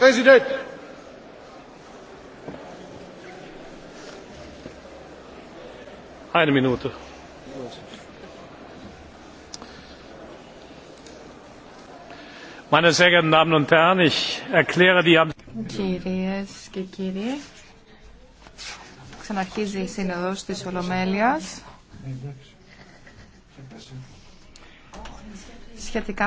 President. Eine Minute. Meine sehr geehrten Damen und Herren, ich erkläre die Κυρίες και κύριοι, ξαναρχίζει η Σύνοδος της Ολομέλειας σχετικά